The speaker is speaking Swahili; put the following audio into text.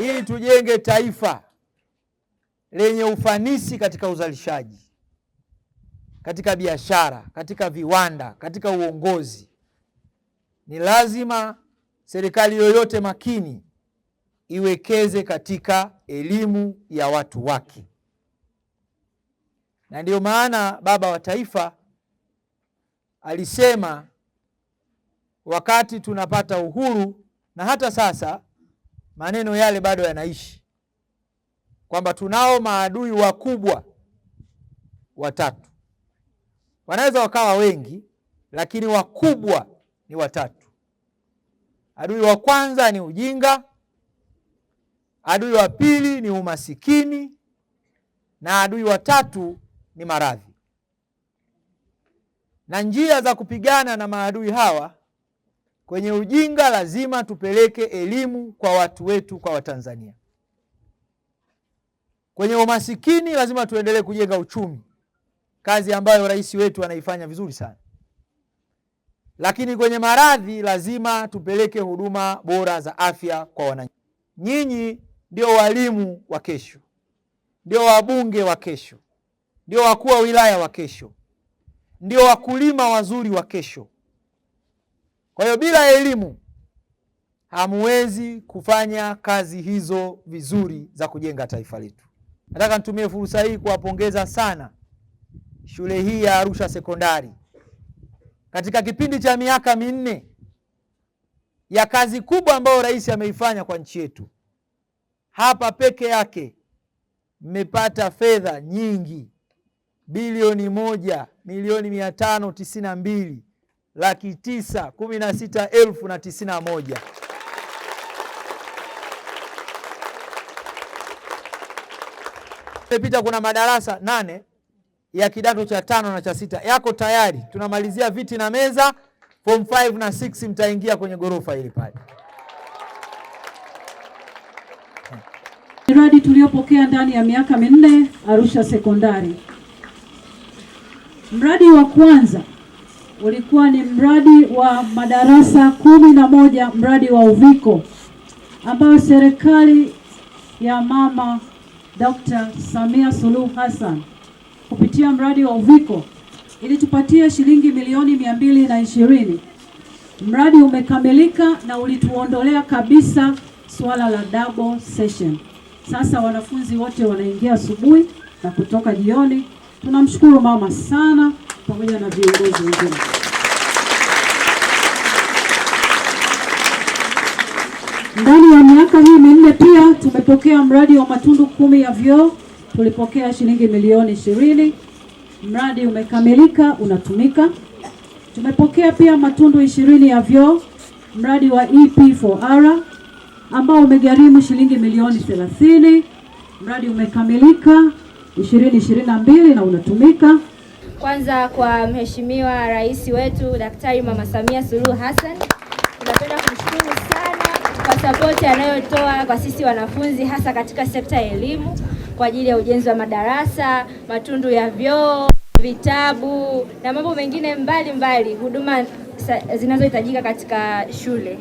ili tujenge taifa lenye ufanisi katika uzalishaji, katika biashara, katika viwanda, katika uongozi, ni lazima serikali yoyote makini iwekeze katika elimu ya watu wake, na ndiyo maana baba wa taifa alisema wakati tunapata uhuru na hata sasa maneno yale bado yanaishi kwamba tunao maadui wakubwa watatu. Wanaweza wakawa wengi, lakini wakubwa ni watatu. Adui wa kwanza ni ujinga, adui wa pili ni umasikini, na adui wa tatu ni maradhi na njia za kupigana na maadui hawa kwenye ujinga, lazima tupeleke elimu kwa watu wetu, kwa Watanzania. Kwenye umasikini, lazima tuendelee kujenga uchumi, kazi ambayo rais wetu anaifanya vizuri sana. Lakini kwenye maradhi, lazima tupeleke huduma bora za afya kwa wananchi. Nyinyi ndio walimu wa kesho, ndio wabunge wa kesho, ndio wakuu wa wilaya wa kesho ndio wakulima wazuri wa kesho. Kwa hiyo bila elimu hamwezi kufanya kazi hizo vizuri za kujenga taifa letu. Nataka nitumie fursa hii kuwapongeza sana shule hii ya Arusha Sekondari. Katika kipindi cha miaka minne ya kazi kubwa ambayo rais ameifanya kwa nchi yetu, hapa peke yake mmepata fedha nyingi bilioni moja milioni mia tano tisini na mbili laki tisa kumi na sita elfu na tisini na moja. Pita kuna madarasa nane ya kidato cha tano na cha sita yako tayari, tunamalizia viti na meza. Form 5 na 6 mtaingia kwenye gorofa hili pale. Miradi tuliyopokea ndani ya miaka minne Arusha Sekondari. Mradi wa kwanza ulikuwa ni mradi wa madarasa kumi na moja, mradi wa Uviko ambayo serikali ya mama Dr. Samia Suluhu Hassan kupitia mradi wa Uviko ilitupatia shilingi milioni mia mbili na ishirini. Mradi umekamilika na ulituondolea kabisa swala la double session. Sasa wanafunzi wote wanaingia asubuhi na kutoka jioni. Tunamshukuru mama sana pamoja na viongozi wengine. Ndani ya miaka hii minne pia tumepokea mradi wa matundu kumi ya vyoo, tulipokea shilingi milioni ishirini. Mradi umekamilika unatumika. Tumepokea pia matundu ishirini ya vyoo, mradi wa EP4R ambao umegharimu shilingi milioni thelathini. Mradi umekamilika 2022 na unatumika kwanza kwa mheshimiwa rais wetu Daktari Mama Samia Suluhu Hassan. Tunapenda kumshukuru sana kwa sapoti anayotoa kwa sisi wanafunzi, hasa katika sekta ya elimu kwa ajili ya ujenzi wa madarasa, matundu ya vyoo, vitabu na mambo mengine mbalimbali, huduma zinazohitajika katika shule.